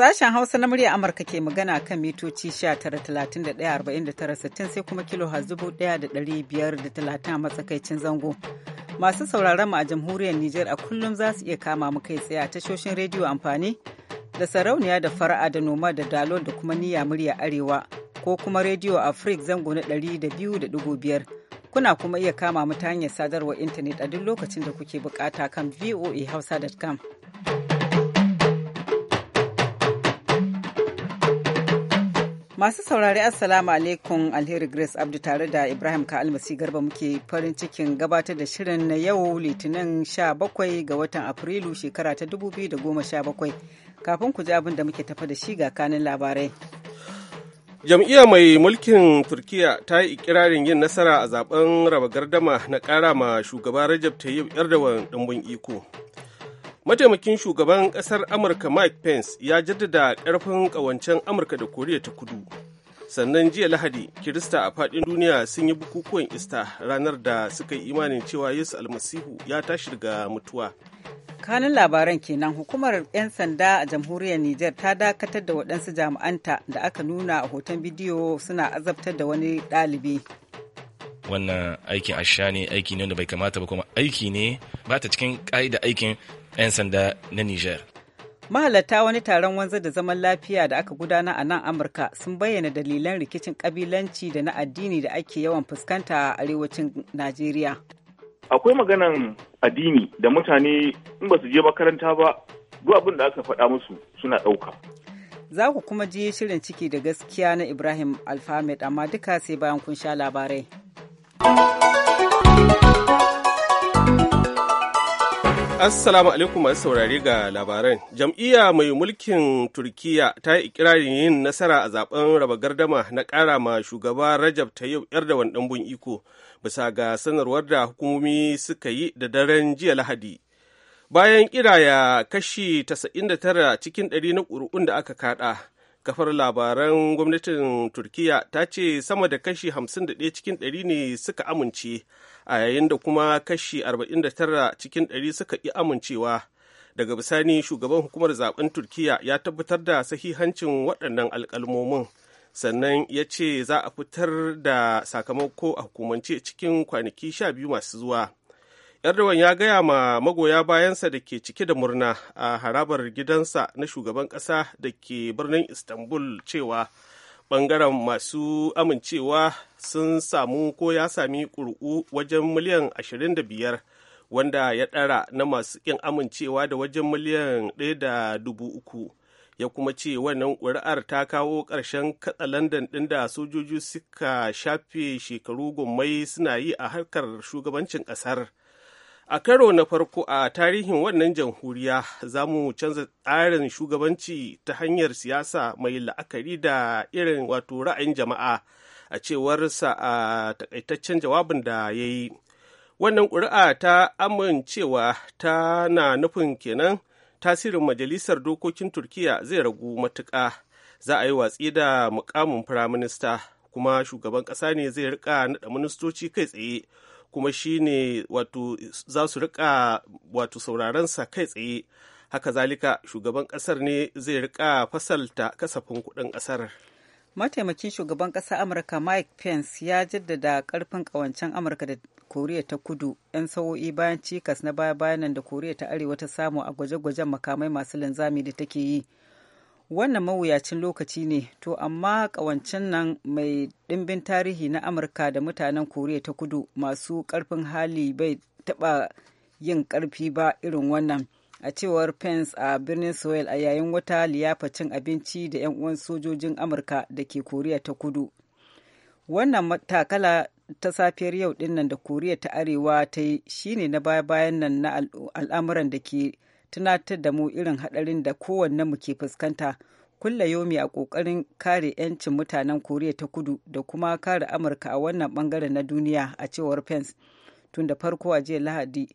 Sashen Hausa na murya Amurka ke magana kan mitoci 19,31,49,60 sai kuma kilo da talatin a matsakaicin zango. Masu sauraron mu a jamhuriyar Nijar a kullum za su iya kama mu kai tsaye a tashoshin rediyo amfani da sarauniya da fara'a da noma da dalo da kuma niyya murya arewa ko kuma rediyo Afrik zango na ɗari da da biyu biyar kuna kuma iya kama mu ta hanyar sadarwar intanet a duk lokacin da kuke bukata kan voahausa.com. Masu saurari Assalamu alaikum Alheri Grace Abdu tare da Ibrahim ka almasi garba muke farin cikin gabatar da shirin na yau Litinin 17 ga watan Afrilu shekara ta 2017. Kafin ku ji abin da muke tafa da shi ga kanin labarai. Jam'iyya mai mulkin Turkiya ta yi ikirarin yin nasara a zaben raba gardama na kara ma shugaba Rajab Tayyip Erdogan ɗumbin iko. mataimakin shugaban kasar amurka mike pence ya jaddada karfin kawancen amurka da koriya ta kudu sannan jiya lahadi kirista a faɗin duniya sun yi bukukuwan ista ranar da suka yi imanin cewa yesu almasihu ya tashi daga mutuwa kanun labaran kenan hukumar 'yan sanda a jamhuriyar niger ta dakatar da waɗansu jami'anta da aka nuna a hoton bidiyo suna azabtar da wani ɗalibi wannan aikin asha ne aiki ne wanda bai kamata ba kuma aiki ne ba ta cikin ƙa'ida aikin 'yan sanda na Nijar. Mahalarta wani taron wanzu da zaman lafiya da aka gudana a nan Amurka sun bayyana dalilan rikicin kabilanci da na addini da ake yawan fuskanta a arewacin Najeriya. Akwai maganan addini da mutane in ba su je makaranta ba, duk abin da aka faɗa musu suna ɗauka. Za ku kuma ji shirin ciki da gaskiya na Ibrahim Alfamed amma duka sai bayan kun sha labarai. Assalamu alaikum masu saurari ga labaran. Jam'iyya mai mulkin Turkiyya ta yi ikirarin yin nasara a zaben raba gardama na ƙara ma shugaba Rajab Tayyip Erdogan ɗanbun iko bisa ga sanarwar da hukumomi suka yi da daren jiya Lahadi. Bayan kiraya kashi 99 cikin 100 na ƙuri'un da aka kaɗa, kafar labaran gwamnatin Turkiyya ta ce sama da kashi 51 cikin 100 ne suka amince. a yayin da kuma kashi 49 cikin 100 suka yi amincewa daga bisani shugaban hukumar zaben turkiya ya tabbatar da sahihancin waɗannan alkalmomin sannan ya ce za a fitar da sakamako a hukumance cikin kwanaki 12 masu zuwa erdogan ya gaya ma magoya bayansa da ke cike da murna a harabar gidansa na shugaban ƙasa da ke birnin istanbul cewa bangaren masu amincewa sun samu ko ya sami ƙuri'u wajen miliyan 25 wanda ya ɗara na masu ƙin amincewa da wajen miliyan 1.3 ya kuma ce wannan ƙuri'ar ta kawo ƙarshen katsalandan ɗin da sojoji suka shafe shekaru gummai suna yi a harkar shugabancin ƙasar a karo na farko a tarihin wannan jamhuriya za mu canza tsarin shugabanci ta hanyar siyasa mai la'akari da irin wato ra'ayin jama'a a cewar sa a takaitaccen jawabin da ya yi wannan ƙuri'a ta amincewa ta na nufin kenan tasirin majalisar dokokin turkiya zai ragu matuƙa za a yi watsi da mukamin firaminista kuma shugaban ƙasa ne zai rika naɗa ministoci kai tsaye kuma shi ne wato za su rika wato sa kai tsaye haka zalika shugaban kasar ne zai rika fasalta kasafin kuɗin kasar mataimakin shugaban ƙasar amurka mike pence ya jaddada ƙarfin ƙawancen amurka da koriya ta kudu 'yan sa'o'i bayan cikas na baya-bayanan da koriya ta arewa ta samu a gwaje-gwajen makamai masu linzami da take yi wannan mawuyacin lokaci ne to amma kawancin nan mai ɗimbin tarihi na amurka da mutanen koriya ta kudu masu karfin hali bai taɓa yin karfi ba irin wannan a cewar pence a birnin soil a yayin wata liyafa cin abinci da 'yan uwan sojojin amurka da ke koriya ta kudu wannan takala ta safiyar yau dinnan da koriya ta arewa ta yi shine na baya-bayan nan na al'amuran da ke tunatar da mu irin haɗarin da kowanne mu ke fuskanta kulla yomi a ƙoƙarin kare 'yancin mutanen koriya ta kudu da kuma kare amurka a wannan bangare na duniya a cewar pence tun da farko a jiya lahadi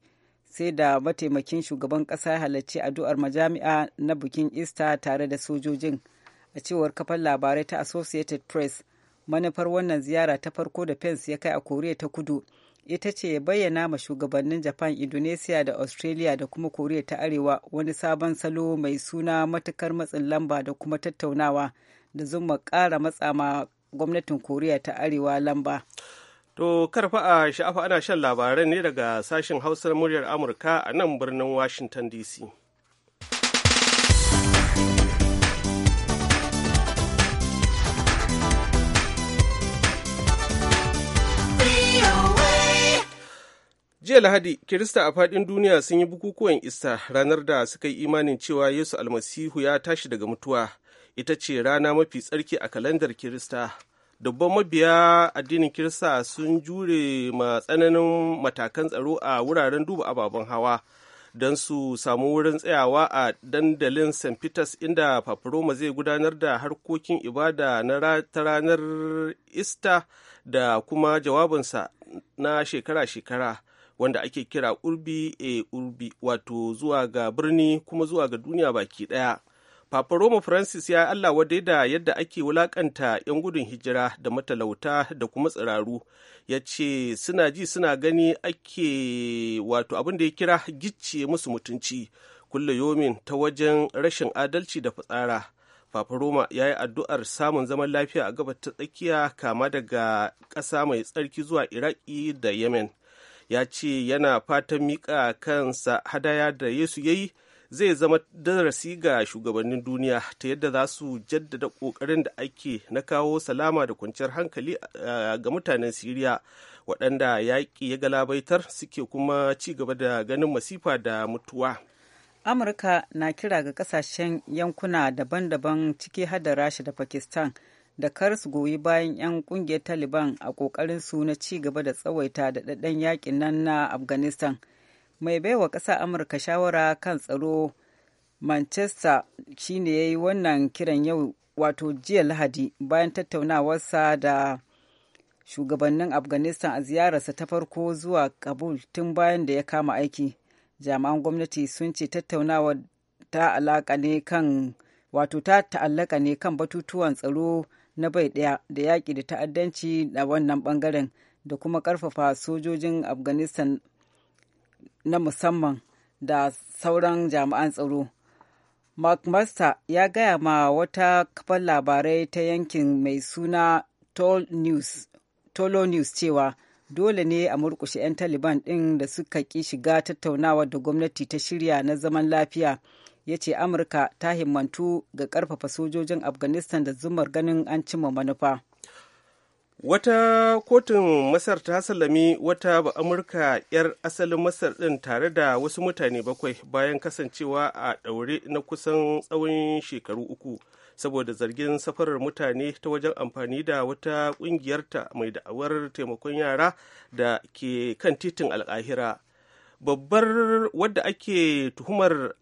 sai da mataimakin shugaban ƙasa halarci addu'ar majami'a na bikin easter tare da sojojin a cewar kafar labarai ta associated press manufar wannan ziyara ta farko da pence ya kai a koriya ta kudu ita ce ya bayyana ma shugabannin japan indonesia da australia da kuma koriya ta arewa wani sabon salo mai suna matukar matsin lamba da kuma tattaunawa da zuma kara matsa ma gwamnatin koriya ta arewa lamba to karfa a sha'afa ana shan labarai ne daga sashen hausar muryar amurka a nan birnin washington dc jiya lahadi kirista a fadin duniya sun yi bukukuwan ista ranar da suka yi imanin cewa yesu almasihu ya tashi daga mutuwa ita ce rana mafi tsarki a kalandar kirista dubban mabiya addinin kirista sun jure ma tsananin matakan tsaro a wuraren duba ababen hawa don su samu wurin tsayawa a dandalin st peters inda paparoma zai gudanar da harkokin ibada ta ranar ista da kuma jawabinsa na shekara-shekara wanda ake kira urbi e urbi wato zuwa ga birni kuma zuwa ga duniya baki daya Papa Roma Francis ya Allah wadai da yadda ake wulakanta 'yan gudun hijira da matalauta da kuma tsiraru ya ce suna ji suna gani ake wato abin da ya kira gicciye musu mutunci kulle yomin ta wajen rashin adalci da fitsara. Papa Roma ya yi addu'ar samun zaman lafiya a gabar ta tsakiya kama daga ƙasa mai tsarki zuwa Iraki da Yemen. ya ce yana fatan miƙa kansa hadaya da yesu ya yi zai zama darasi ga shugabannin duniya ta yadda za su jaddada ƙoƙarin da ake na kawo salama da kwanciyar hankali eh, ga mutanen siriya waɗanda yaƙi ya galabaitar suke kuma ci gaba da ganin masifa da mutuwa amurka na kira ga kasashen yankuna daban-daban ciki hada rasha da pakistan da kar su goyi bayan 'yan kungiyar taliban a kokarin su na ci gaba da tsawaita da daɗaɗɗen yakin nan na afghanistan mai baiwa ƙasa amurka shawara kan tsaro manchester shine ya yi wannan kiran yau wato jiya lahadi bayan tattaunawarsa da shugabannin afghanistan a ziyararsa ta farko zuwa kabul tun bayan da ya kama aiki jami'an gwamnati sun ce tattaunawa ta alaka ne kan wato ta ta'allaka ne kan batutuwan tsaro na bai ɗaya da yaƙi da ta'addanci a wannan ɓangaren da kuma ƙarfafa sojojin afghanistan na musamman da sauran jami'an tsaro mark master ya gaya ma wata kafar labarai ta yankin mai suna tolo news cewa dole ne a murkushe 'yan taliban ɗin da suka ƙi shiga tattaunawa da gwamnati ta shirya na zaman lafiya ya ce amurka ta himmantu ga karfafa sojojin afghanistan da zumar ganin an cimma manufa wata kotun masar ta sallami wata ba amurka 'yar asalin masar din tare da wasu mutane bakwai bayan kasancewa a ɗaure na kusan tsawon shekaru uku saboda zargin safarar mutane ta wajen amfani da wata ƙungiyarta mai da'awar taimakon yara da ke kan titin al'ahira. babbar wadda ake tuhumar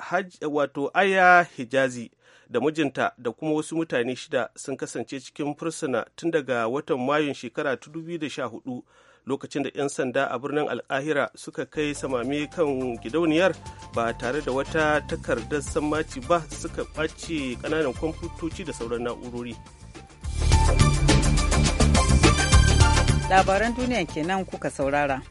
wato aya hijazi da mijinta da kuma wasu mutane shida sun kasance cikin fursuna tun daga watan mayun shekara 2014 lokacin da 'yan sanda a birnin alkahira suka kai samami kan gidauniyar ba tare da wata takardar sammaci ba suka ɓace ƙananan kwamfutoci da sauran na'urori labaran duniya kenan kuka saurara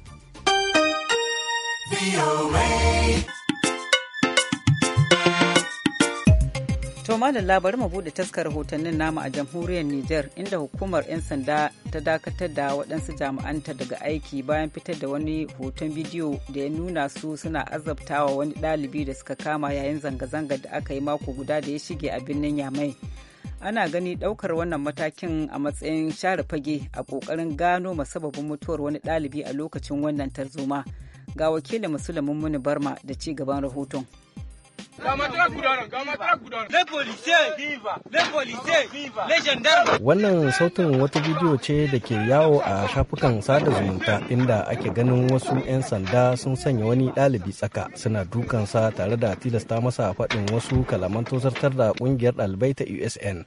To da bari mu bude taskar rahotannin namu a jamhuriyar Nijar inda hukumar 'yan sanda ta dakatar da waɗansu jami'anta daga aiki bayan fitar da wani hoton bidiyo da ya nuna su suna azabtawa wani ɗalibi da suka kama yayin zanga zanga da aka yi mako guda da ya shige a birnin Yamai. Ana gani ɗaukar wannan matakin a matsayin share fage a ƙoƙarin gano masababin mutuwar wani ɗalibi a lokacin wannan tarzoma. Ga wakilin Musulmin Muni Barma da ci gaban rahoton. Wannan sautin wata bidiyo ce da ke yawo a shafukan sada zumunta inda ake ganin wasu 'yan sanda sun sanya wani ɗalibi tsaka suna dukansa tare da tilasta masa faɗin wasu kalaman tozartar da ƙungiyar ɗalibai ta USN.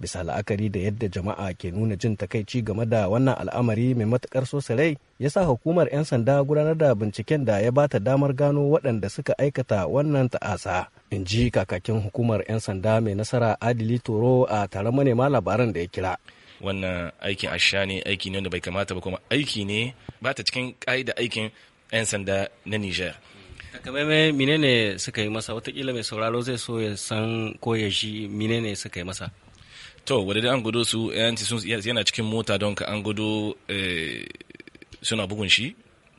Bisa la'akari da yadda jama'a ke nuna jin takaici game da wannan al'amari mai matukar sosarai ya sa hukumar 'yan sanda gudanar da binciken da ya bata damar gano waɗanda suka aikata wannan ta'asa. In ji kakakin hukumar 'yan sanda mai nasara Adili Toro a taron manema labaran da ya kira. Wannan aikin asha ne aiki ne wanda bai kamata ba kuma aiki ne ba ta cikin ƙa'ida aikin 'yan sanda na niger. takamaimai menene suka yi masa watakila mai sauraro zai so ya san ko ya shi suka yi masa to wadda an gudu su eh, yanci yana cikin mota don ka an gudu eh, suna bugun shi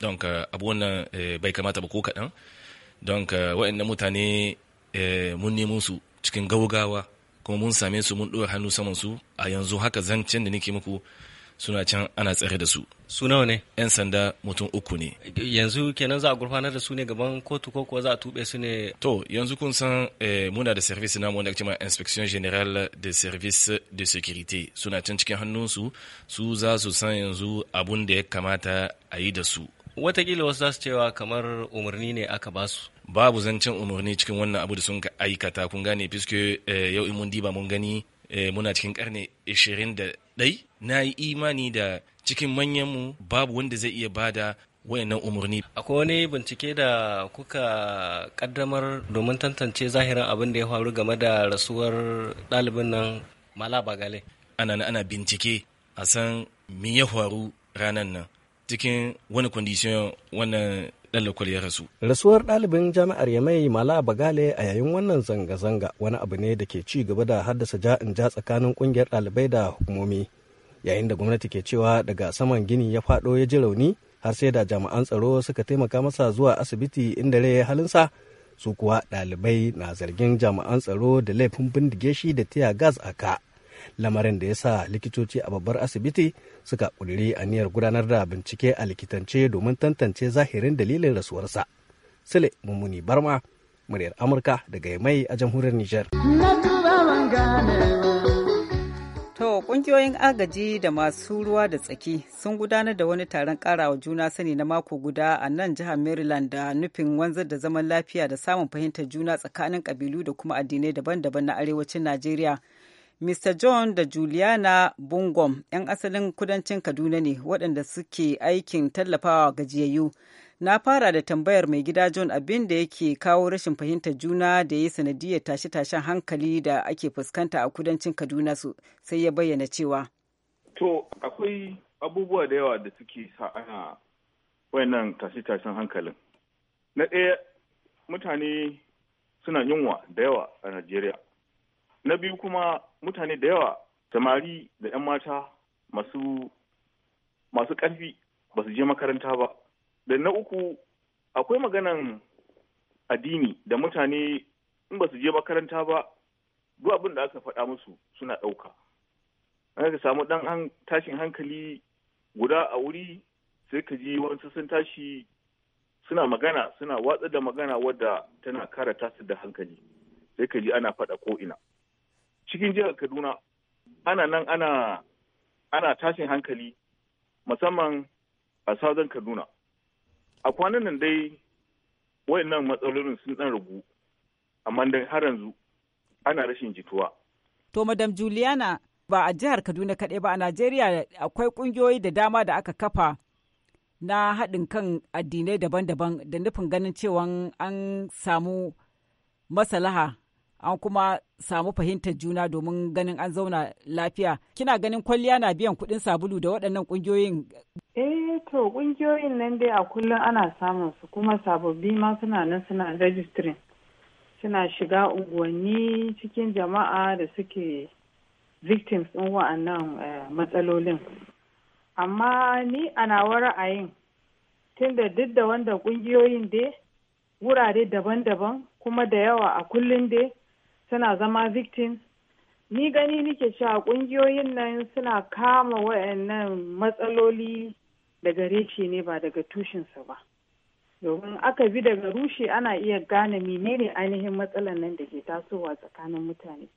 don ka abu wannan eh, bai kamata ba ko kaɗan don ka waɗannan mutane mun nemo su cikin gaugawa kuma mun same su mun ɗora hannu saman su a yanzu haka zancen da nake muku suna can ana tsare da su su nawa ne yan sanda mutum uku ne yanzu kenan za a gurfanar da su ne gaban kotu ko kuwa za a tube su ne to yanzu kun san eh, muna da service namu wanda ma inspection general de service de security suna can cikin hannunsu su za su san yanzu abun da ya kamata a yi da su watakila wasu za su cewa kamar umarni ne aka ba su babu zancen umarni cikin wannan abu da sun aikata kun gane fiske eh, yau in mun diba mun gani eh, muna cikin da ɗai na yi imani da cikin manyanmu babu wanda zai iya bada wayannan umarni. Akwai wani bincike da kuka kaddamar domin tantance zahirin abin da ya faru game da rasuwar ɗalibin nan Mala Bagale. Ana ana bincike a san me ya faru ranar nan cikin wani kwandishin wannan ɗalibin ya rasu. Rasuwar ɗalibin jami'ar Yamai Mala Bagale a yayin wannan zanga-zanga wani abu ne da ke ci gaba da haddasa ja'in ja tsakanin ƙungiyar ɗalibai da hukumomi yayin da gwamnati ke cewa daga saman gini ya faɗo ya ji rauni har sai da jami'an tsaro suka taimaka masa zuwa asibiti inda rai ya halinsa su kuwa ɗalibai na zargin jami'an tsaro da laifin bindige shi da tiya gas a ka lamarin da ya sa likitoci a babbar asibiti suka a niyyar gudanar da bincike a likitance domin tantance zahirin dalilin rasuwarsa sile mummuni barma muryar amurka daga mai a jamhuriyar niger To ƙungiyoyin agaji da masu ruwa da tsaki sun gudanar da wani taron ƙarawa juna sani na mako guda a nan jihar Maryland da nufin wanzar da zaman lafiya da samun fahimtar juna tsakanin ƙabilu da kuma addinai daban-daban na arewacin Najeriya. Mr. John da Juliana Bungom 'yan asalin kudancin Kaduna ne waɗanda suke aikin tallafawa gajiyayyu. na fara da tambayar mai gida john abin da yake kawo rashin fahimtar juna da ya yi sanadiyar tashe-tashen hankali da ake fuskanta a kudancin kaduna su sai ya bayyana cewa to akwai abubuwa da yawa da suke sa ana wayannan tashe-tashen hankalin na ɗaya mutane suna yunwa da yawa a najeriya na biyu kuma mutane da yawa samari da 'yan mata masu masu ƙarfi ba su je makaranta ba da na uku akwai maganan addini da mutane in ba su je makaranta ba duk abin da aka faɗa musu suna ɗauka an ka samu ɗan tashin hankali guda a wuri sai ka ji wasu sun tashi suna magana suna watsa da magana wadda tana kara tasir da hankali sai ka ji ana faɗa ko'ina cikin jihar kaduna ana nan ana tashin hankali musamman a sauran kaduna a kwanan nan dai wayannan matsalolin sun dan rugu amma dai har yanzu ana rashin jituwa to madam juliana ba a jihar kaduna kaɗai ba a najeriya akwai ƙungiyoyi da dama da aka kafa na haɗin kan addinai daban-daban da nufin ganin cewa an samu masalaha an kuma samu fahimtar juna domin ganin an zauna lafiya kina ganin kwalliya na biyan kuɗin sabulu da waɗannan ƙungiyoyin eh to ƙungiyoyin nan dai a kullum ana samun su kuma sababbi ma suna nan suna registering suna shiga unguwanni cikin jama'a da suke victims ɗin wa'annan eh, matsalolin amma ni a nawa ra'ayin tunda duk da wanda ƙungiyoyin dai wurare daban-daban kuma da yawa a kullum dai suna zama victim ni gani nike cewa kungiyoyin nan suna kama wayannan matsaloli daga reci ne ba daga tushensa ba domin aka bi daga rushe ana iya gane menene ainihin matsalar nan da ke tasowa tsakanin mutane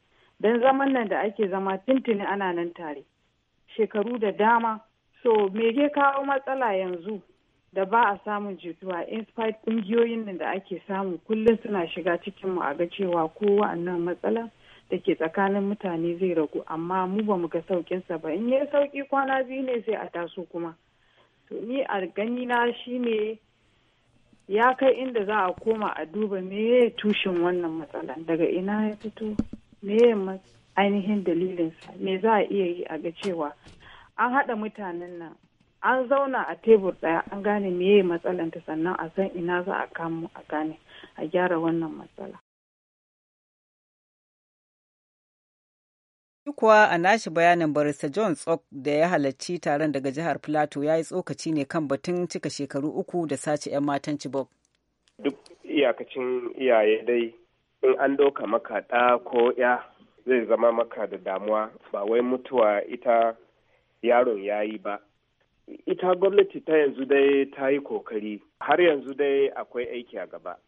don zaman nan da ake zama tuntuni ana nan tare shekaru da dama so me ke kawo matsala yanzu da ba a samun jituwa inspired kungiyoyin da ake samu kullum suna shiga cikin mu a ga cewa ko wa'annan matsala da ke tsakanin mutane zai ragu amma mu ba mu ga saukin sa ba in ya sauki kwana biyu ne sai a taso kuma to ni a gani na shine ya kai inda za a koma a duba me tushen wannan matsalan daga ina ya fito me ainihin dalilinsa me za a iya yi a ga cewa an haɗa mutanen nan an zauna a tebur ɗaya an gane meye matsalanta sannan a san ina za a kamo a gane a gyara wannan matsala. kuwa a nashi bayanin barista john tsok da ya halarci taron daga jihar plateau ya yi tsokaci ne kan batun cika shekaru uku da sace 'yan matan chibok duk iyakacin iyaye dai in an doka maka ɗa ko ya zai zama maka da damuwa ba wai mutuwa ita yaron ya yi ba ita gwamnati ta yanzu dai ta yi kokari har yanzu dai akwai aiki a gaba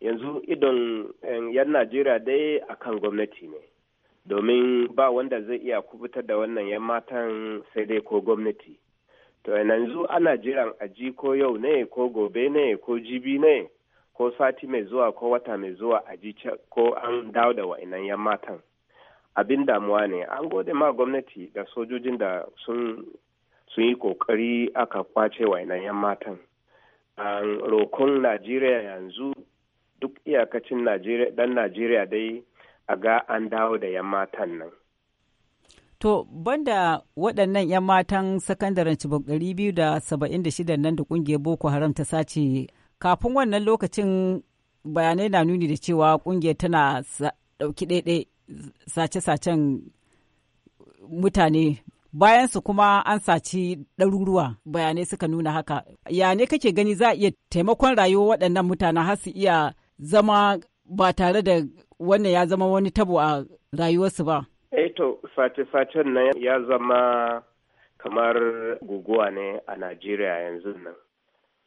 yanzu idon eh, yan najeriya dai akan gwamnati ne domin ba wanda zai iya kubutar da wannan yan matan sai dai ko gwamnati to eh, yanzu ana jiran aji ko yau ne ko gobe ne ko jibi ne ko sati mai zuwa ko wata mai zuwa aji ko an dawo da wa'inan yan matan abin damuwa ne an gode ma gwamnati da sojojin da sun sun yi kokari aka kwace wainan 'yan matan rokon najeriya yanzu duk iyakacin dan najeriya dai a ga an dawo da 'yan matan nan To, banda waɗannan 'yan matan sakandaren biyu da saba'in da shidan nan da ƙungiyar Boko Haram ta sace, kafin wannan lokacin bayanai na nuni da cewa ƙungiyar tana ɗauki ɗaiɗai sace-sacen mutane bayan su kuma an saci ɗaruruwa bayanai suka nuna haka ya ne kake gani za a iya taimakon rayuwa waɗannan mutanen har su iya zama ba tare da wannan ya zama wani tabo a rayuwarsu ba eto eh face-facen nan ya zama kamar guguwa ne a najeriya yanzu nan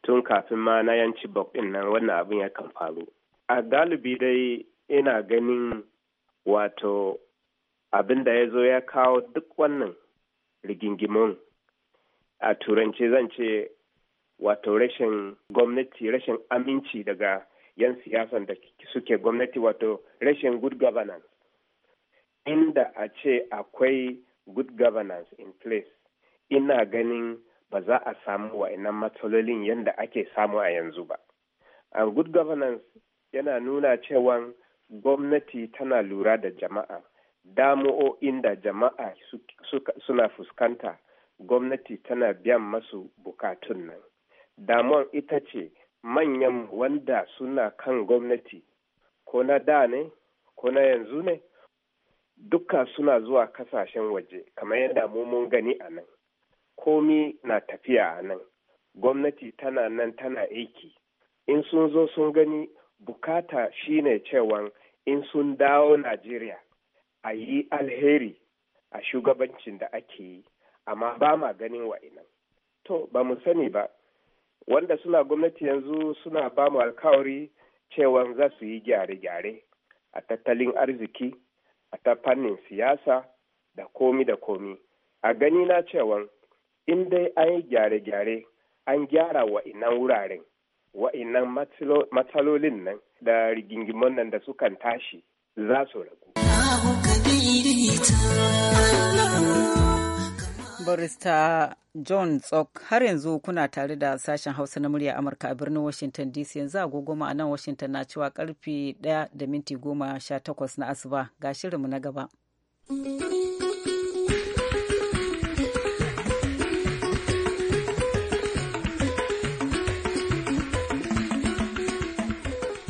tun kafin ma na yanci ɗin nan wannan abin ya kan faru a galibi dai ina ganin wato abin da ya zo ya kawo duk wannan rigingimun a turance zan ce wato rashin gwamnati rashin aminci daga 'yan siyasan da suke gwamnati wato rashin good governance inda a ce akwai good governance in place ina ganin ba za a samu wa'annan matsalolin yadda ake samu a yanzu ba A good governance yana nuna cewa gwamnati tana lura da jama'a damu'o'in da jama'a suna fuskanta gwamnati tana biyan masu bukatun nan damuwan ita ce manyan wanda suna kan gwamnati ko na da ne ko na yanzu ne duka suna zuwa kasashen waje kamar yadda mun gani a nan komi na tafiya a nan gwamnati tana nan tana aiki in sun zo sun gani bukata shine cewan in sun dawo najeriya a yi alheri a shugabancin da ake yi amma ba ma ganin wa'inan to ba mu sani ba wanda suna gwamnati yanzu suna ba mu alkawari cewa za su yi gyare-gyare a tattalin arziki a ta fannin siyasa da komi da komi a gani na cewa in dai an yi gyare-gyare an gyara wa'inan wuraren wa'inan matsalolin nan da rigingimon nan da sukan tashi za su ragu. barista john tsok har yanzu kuna tare da sashen hausa na murya amurka a birnin washington dc yanzu agogo a nan washington na cewa karfe 1 da minti na asuba ga shirinmu na gaba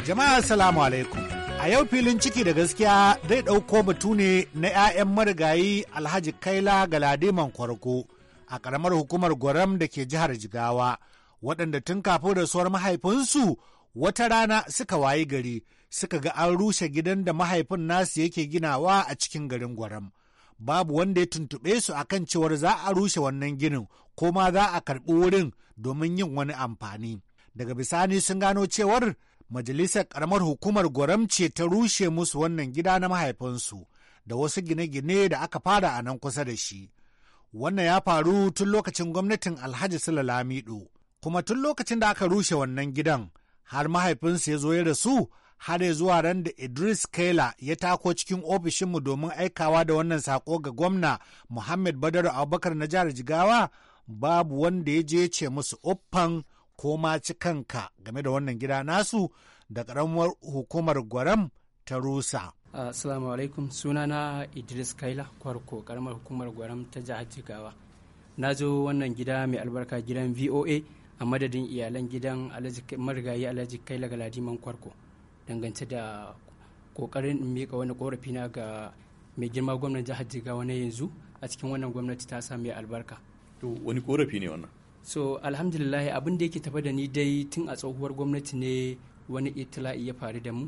jama'a salamu alaikum A yau filin ciki da gaskiya zai ɗauko batu ne na 'ya'yan marigayi Alhaji Kaila Galadiman Kwarko a ƙaramar hukumar Gwaram da ke jihar Jigawa, waɗanda tun kafin rasuwar mahaifinsu wata rana suka wayi gari suka ga an rushe gidan da mahaifin nasu yake ginawa a cikin garin Gwaram. Babu wanda ya tuntuɓe su a kan cewar za a rushe wannan ginin ko ma za a karɓi wurin domin yin wani amfani. Daga bisani sun gano cewar majalisar karamar hukumar gwaramce ta rushe musu wannan gida na mahaifinsu da wasu gine-gine da aka fara a nan kusa da shi. Wannan ya faru tun lokacin gwamnatin Alhaji Sula kuma tun lokacin da aka rushe wannan gidan har mahaifinsu ya zo ya rasu har ya zuwa ran da Idris Kaila ya tako cikin ofishinmu domin aikawa da wannan sako ga gwamna Muhammad Badaru Abubakar na jihar Jigawa babu wanda ya je ce musu uffan ko ma ci kanka game da wannan gida nasu da karamar hukumar gwaram ta rusa. Assalamu alaikum sunana Idris Kaila Kwarko karamar hukumar gwaram ta jihar Jigawa. Na zo wannan gida mai albarka gidan VOA a madadin iyalan gidan marigayi Alhaji Kaila Galadiman Kwarko dangance da kokarin in mika wani korafi na ga mai girma gwamnan jihar Jigawa na yanzu a cikin wannan gwamnati ta sami albarka. To wani korafi ne wannan? so alhamdulillah abin da yake tafa da ni dai tun a tsohuwar gwamnati ne wani itila'i ya faru da mu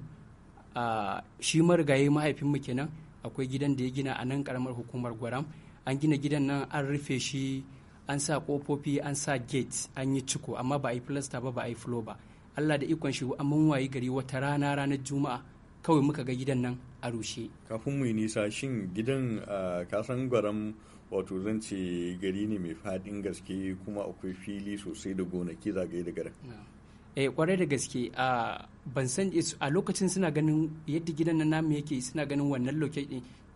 a shi marigayi mahaifinmu kenan akwai gidan da ya gina a nan karamar hukumar gwaram an gina gidan nan an rufe shi an sa kofofi an sa gate an yi ciko amma ba a yi filasta ba ba a yi flo ba allah da ikon shi an mun wayi gari wata rana ranar juma'a kawai muka ga gidan nan a rushe kafin mu nisa shin gidan kasan gwaram wato zan ce gari ne mai faɗin gaske kuma akwai fili sosai da gonaki zagaye da garin eh kwarai da gaske a ban san a lokacin suna ganin yadda gidan nan namu yake suna ganin wannan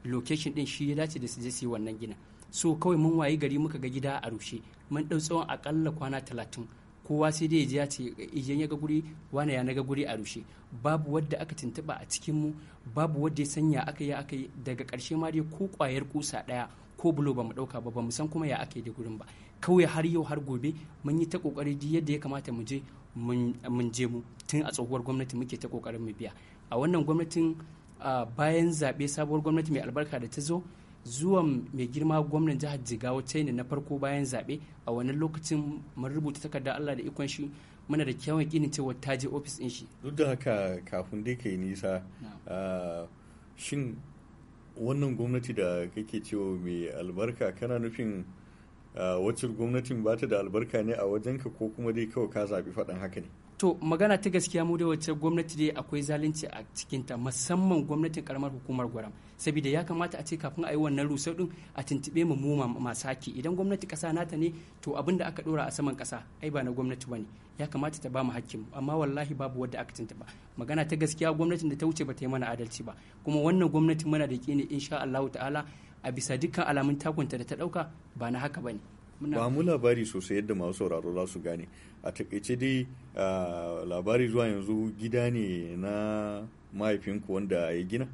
location din shi ya dace da su je su yi wannan gina so kawai mun wayi gari muka ga gida a rushe mun ɗau tsawon akalla kwana talatin kowa sai dai ya ce idan ya ga guri wane ya naga guri a rushe babu wadda aka tuntuɓa a cikin mu babu wadda ya sanya aka yi aka yi daga ƙarshe ma dai ko ƙwayar kusa ɗaya ko bulo ba mu ɗauka ba ba mu san kuma ya aka yi da gurin ba kawai har yau har gobe mun yi ta ƙoƙari duk yadda ya kamata mu je mun je mu tun a tsohuwar gwamnati muke ta ƙoƙarin mu biya a wannan gwamnatin bayan zaɓe sabuwar gwamnati mai albarka da ta zo zuwan mai girma gwamnan jihar jigawa ta na farko bayan zaɓe a wannan lokacin mun rubuta takardar allah da ikon shi muna da kyawun ginin cewa ta je ofis ɗin shi duk da haka kafin dai kai nisa ah, shin wannan gwamnati da kake cewa mai albarka kana nufin ah, wacce gwamnatin ba ta da albarka ne a wajenka ko kuma dai kawai ka zaɓi faɗan haka ne to magana ta gaskiya mu da wacce gwamnati dai akwai zalunci a cikinta musamman gwamnatin karamar hukumar gwaram saboda ya kamata a ce kafin a yi wannan rusa din a tuntube mu mu masaki idan gwamnati kasa nata ne to abin da aka dora a saman kasa ai ba na gwamnati bane ya kamata ta ba mu hakkin amma wallahi babu wanda aka tuntuba magana ta gaskiya gwamnatin da ta wuce ba ta yi mana adalci ba kuma wannan gwamnatin muna da ne insha Allah ta'ala a bisa dukkan alamun takunta da ta dauka ba na haka bane ba mu labari sosai yadda masu sauraro za su gane a takaice dai ah, labari zuwa yanzu gida ne na mahaifinku wanda ya gina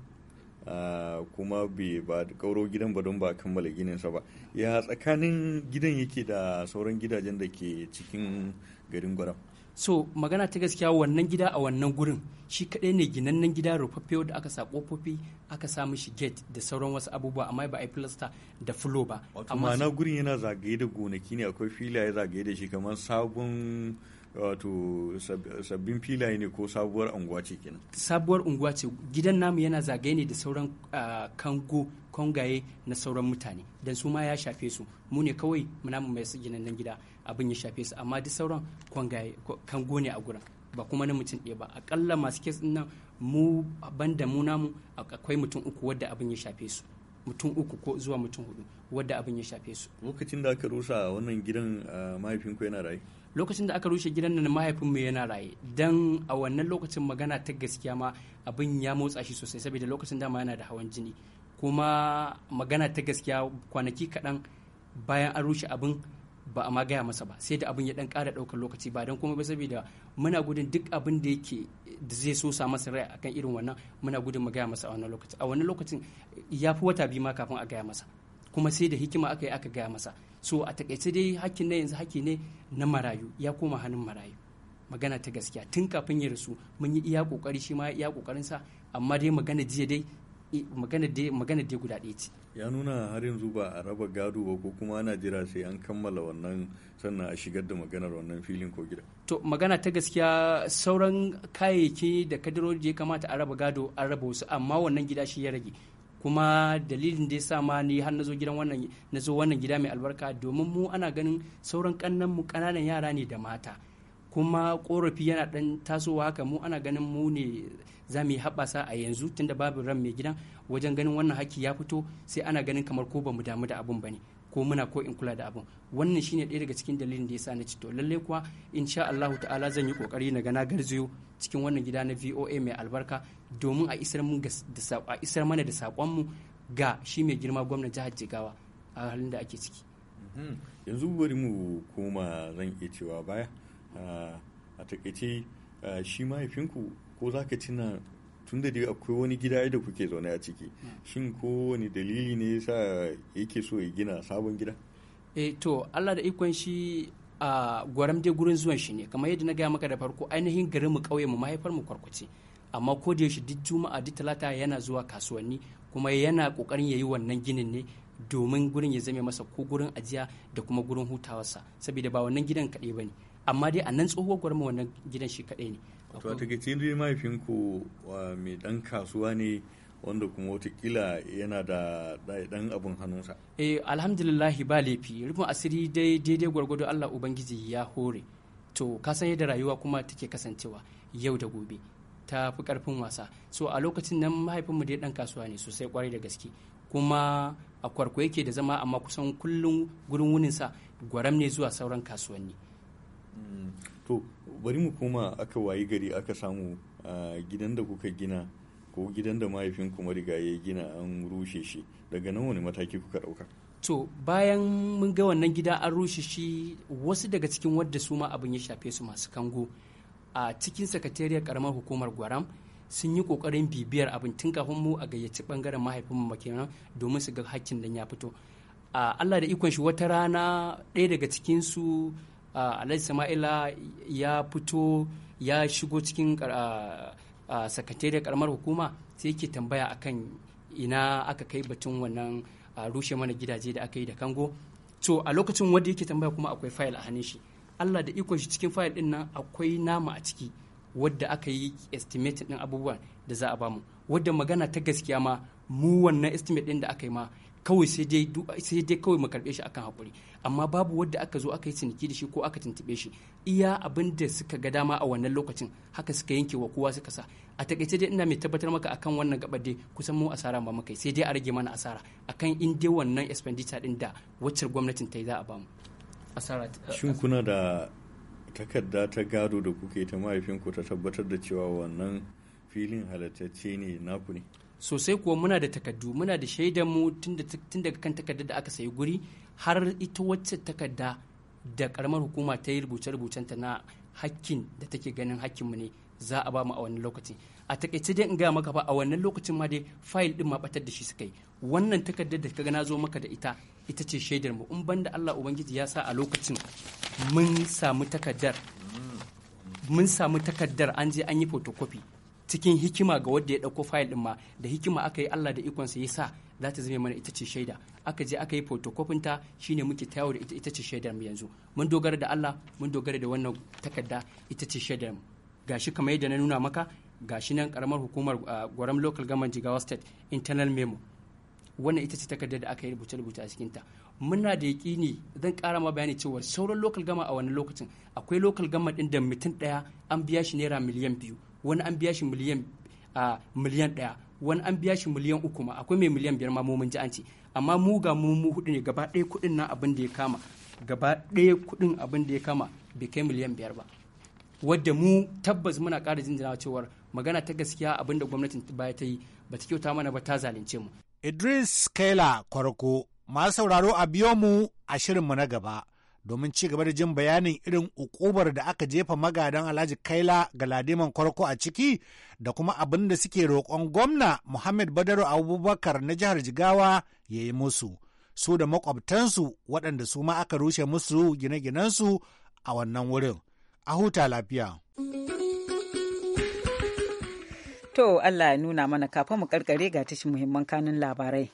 kuma bai ba kauro gidan ba don ba kammala ginin sa ba ya tsakanin gidan yake da sauran gidajen da ke cikin garin gwaram so magana ta gaskiya wannan gida a wannan gurin shi kadai ne ginannen gida rufaffe da aka sa kofofi aka sa mishi gate da sauran wasu abubuwa amma ba a plaster da flow ba amma na gurin yana zagaye da gonaki ne akwai filaye zagaye da shi kamar sabon wato sabbin filaye ne ko sabuwar unguwa ce kenan sabuwar unguwa ce gidan namu yana zagaye ne da sauran kango kongaye na sauran mutane dan su ma ya shafe su mu ne kawai namu mai nan gida abin ya shafe su amma duk sauran kongaye kango ne a gurin ba kuma na mutum ɗaya ba akalla masu kes nan mu banda mu namu akwai mutum uku wadda abin ya shafe su mutum uku ko zuwa mutum hudu wadda abin ya shafe su lokacin da aka rusa wannan gidan mahaifinku yana rayu lokacin da aka rushe gidan nan mahaifin mu yana raye dan a wannan lokacin magana ta gaskiya ma abin ya motsa shi sosai saboda lokacin dama yana da hawan jini kuma magana ta gaskiya kwanaki kaɗan bayan an rushe abin ba a ma gaya masa ba sai da abin ya dan ƙara ɗaukar lokaci ba don kuma ba saboda muna gudun duk abin da yake da zai so sa masa rai akan irin wannan muna gudun mu gaya masa a wannan lokacin a wannan lokacin ya fi wata biyu ma kafin a gaya masa kuma sai da hikima aka yi aka gaya masa so a takaice dai hakkin na yanzu hakki ne na marayu ya koma hannun marayu magana ta gaskiya tun kafin ya rasu mun yi iya kokari shi ma iya kokarin sa amma dai magana jiya dai eh, magana dai magana dai guda ɗaya ce ya nuna har yanzu ba a raba gado ba ko kuma ana jira sai an kammala wannan sannan a shigar da maganar wannan filin ko gida to magana ta gaskiya sauran kayayyaki da kadarori da ya kamata a raba gado an raba wasu amma wannan gida shi ya rage kuma dalilin da ya sa ma ni har na zo gidan wannan na zo wannan gida mai albarka domin mu ana ganin sauran kannan mu kananan yara ne da mata kuma korafi yana dan tasowa haka mu ana ganin mu ne za mu yi haɓasa a yanzu tunda babu ran mai gidan wajen ganin wannan haki ya fito sai ana ganin kamar ko ba mu damu da abun ba ko muna ko in kula da abin wannan shine ɗaya daga cikin dalilin da yasa na ci to lalle kuwa insha Allah ta'ala zan yi kokari na gana garzayo cikin wannan gida na VOA mai albarka domin a isar mu a isar mana da sakon mu ga shi mai girma gwamnati jihar Jigawa a halin da ake ciki mhm. yanzu bari mu koma zan iya cewa baya ah, a takaice ah, shi mahaifinku ko za ka tuna tun da dai akwai wani gida da kuke zaune a ciki shin ko dalili ne yasa yake so ya gina sabon gida e to Allah da ikon shi a gwaram dai gurin zuwan shi ne kamar yadda na gaya maka da farko ainihin garin mu kauye mu mahaifar mu kwarkwace amma ko da yaushe duk juma'a duk talata yana zuwa kasuwanni kuma yana kokarin yi wannan ginin ne domin gurin ya zame masa ko gurin ajiya da kuma gurin hutawarsa saboda ba wannan gidan kaɗai ba ne amma dai a nan tsohuwar gwarma wannan gidan shi kaɗai ne to a takaice cikin mahaifinku mai dan kasuwa ne wanda kuma watakila yana da dan abin hannunsa eh alhamdulillahi ba laifi rufin asiri dai daidai gwargwado Allah ubangiji ya hore to ka san yadda rayuwa kuma take kasancewa yau da gobe ta fi karfin wasa so a lokacin nan mahaifinmu dai dan kasuwa ne sosai kwarai da gaske kuma a kwarko yake da zama amma kusan kullum gurin sa gwaram ne zuwa sauran kasuwanni hmm. to bari mu koma aka wayi gari aka samu a gidan da kuka gina ko gidan da mahaifin kuma riga ya gina an rushe shi daga nan wani mataki kuka ɗauka to bayan mun ga wannan gida an rushe shi wasu daga cikin wadda su ma abin ya shafe su masu kango a cikin sakatariyar karamar hukumar gwaram sun yi kokarin bibiyar abin tun kafin mu a gayyaci bangaren mahaifin mu domin su ga hakkin da ya fito a Allah da ikon shi wata rana ɗaya daga cikinsu su alhaji sama'ila ya fito ya shigo cikin sakatariyar karamar hukuma sai yake tambaya akan ina aka kai batun wannan rushe mana gidaje da aka yi da kango to a lokacin wanda yake tambaya kuma akwai fayil a hannun shi allah da ikon shi cikin fayil din nan akwai nama a ciki wadda aka yi estimate din abubuwan da za a bamu wadda magana ta gaskiya ma mu wannan estimate din da aka yi ma kawai sai dai sai dai kawai mu karbe shi akan hakuri amma babu wanda aka zo aka yi ciniki da shi ko aka tuntube shi iya abin da suka ga dama a wannan lokacin haka suka yanke wa kowa suka sa a takaice dai ina mai tabbatar maka akan wannan gabar dai kusan mu asara ba muka sai dai a rage mana asara akan in dai wannan expenditure din da wacce gwamnatin ta yi za a bamu asara uh, shin kuna da takarda ta gado da kuke ta mahaifinku ta tabbatar da cewa wannan filin halattacce ne naku ne sosai kuwa muna da takaddu muna da shaidar mu tun daga kan takarda da aka sayi guri har ita wacce takarda da karamar hukuma ta yi rubuce-rubucen ta na hakkin da take ganin hakkin ne za a ba mu a wannan lokaci a takaice dai in gaya maka ba a wannan lokacin ma dai fayil din ma batar da shi suka yi wannan takardar da kaga na zo maka da ita ita ce shaidar mu in banda Allah ubangiji ya sa a lokacin mun samu takardar mun samu takardar an je an yi photocopy cikin hikima ga wanda ya ɗauko fayil din ma da hikima aka yi Allah da ikon sa za ta zama mana ita ce shaida aka je aka yi photocopy ta shine muke tayawa da ita ce shaidar mu yanzu mun dogara da Allah mun dogara da wannan takarda ita ce shaidar mu gashi kamar yadda na nuna maka gashi nan karamar hukumar ah, Gwaram Local Government Jigawa State internal memo wannan ita ce takardar da aka yi rubuce-rubuce a cikinta muna da yakini zan ƙara ma bayani cewa sauran lokal gama a wannan lokacin akwai lokal gama ɗin da mutum ɗaya an biya shi naira miliyan biyu wani an biya shi miliyan a miliyan ɗaya wani an biya shi miliyan uku ma akwai mai miliyan biyar ma mu mun ji an ce amma mu ga mu mu hudu ne gaba ɗaya kuɗin nan abin da ya kama gaba ɗaya kuɗin abin da ya kama bai kai miliyan biyar ba wadda mu tabbas muna ƙara jinjina cewar magana ta gaskiya abin da gwamnatin baya ta yi ba ta kyauta mana ba ta zalunce mu. Idris Kaila Kwarko masu sauraro a biyo mu a shirin mu na gaba domin ci gaba da jin bayanin irin ukubar da aka jefa magadan Alhaji Kaila ga Ladiman Kwarko a ciki da kuma abin da suke roƙon gwamna Muhammad Badaru Abubakar na jihar Jigawa ya yi musu. Su da makwabtansu waɗanda su ma aka rushe musu gine-ginensu a wannan wurin. A huta lafiya. To Allah ya nuna mana kafin mu karkare ga tashin muhimman kanun labarai.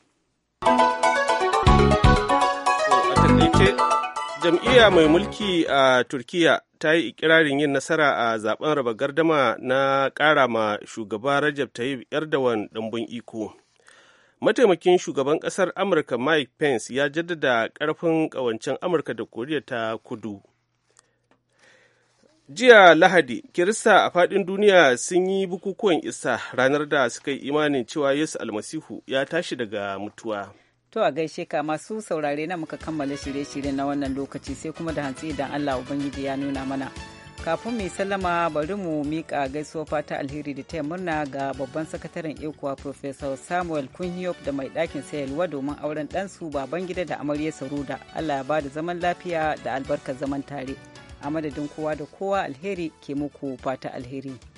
jam'iyya mai mulki a turkiya ta yi ikirarin yin nasara a zaben raba gardama na ƙara ma shugaba rajab tayyip erdogan ɗumbin iko mataimakin shugaban ƙasar amurka mike pence ya jaddada ƙarfin ƙawancen amurka da koriya ta kudu jiya lahadi kirista a faɗin duniya sun yi bukukuwan isa ranar da suka yi imanin cewa yesu almasihu ya tashi daga mutuwa To a gaishe ka masu saurare na muka kammala shirye-shirye na wannan lokaci sai kuma da hantsi idan Allah Ubangiji ya nuna mana. Kafin mu sallama bari mu miƙa gaisuwa fata alheri da taya murna ga babban sakataren ekuwa Professor Samuel Kunhiyop da mai ɗakin sayarwa domin auren ɗansu baban gida da amarya Saruda. Allah ya bada zaman lafiya da albarkar zaman tare. A madadin kowa da kowa alheri ke muku fata alheri.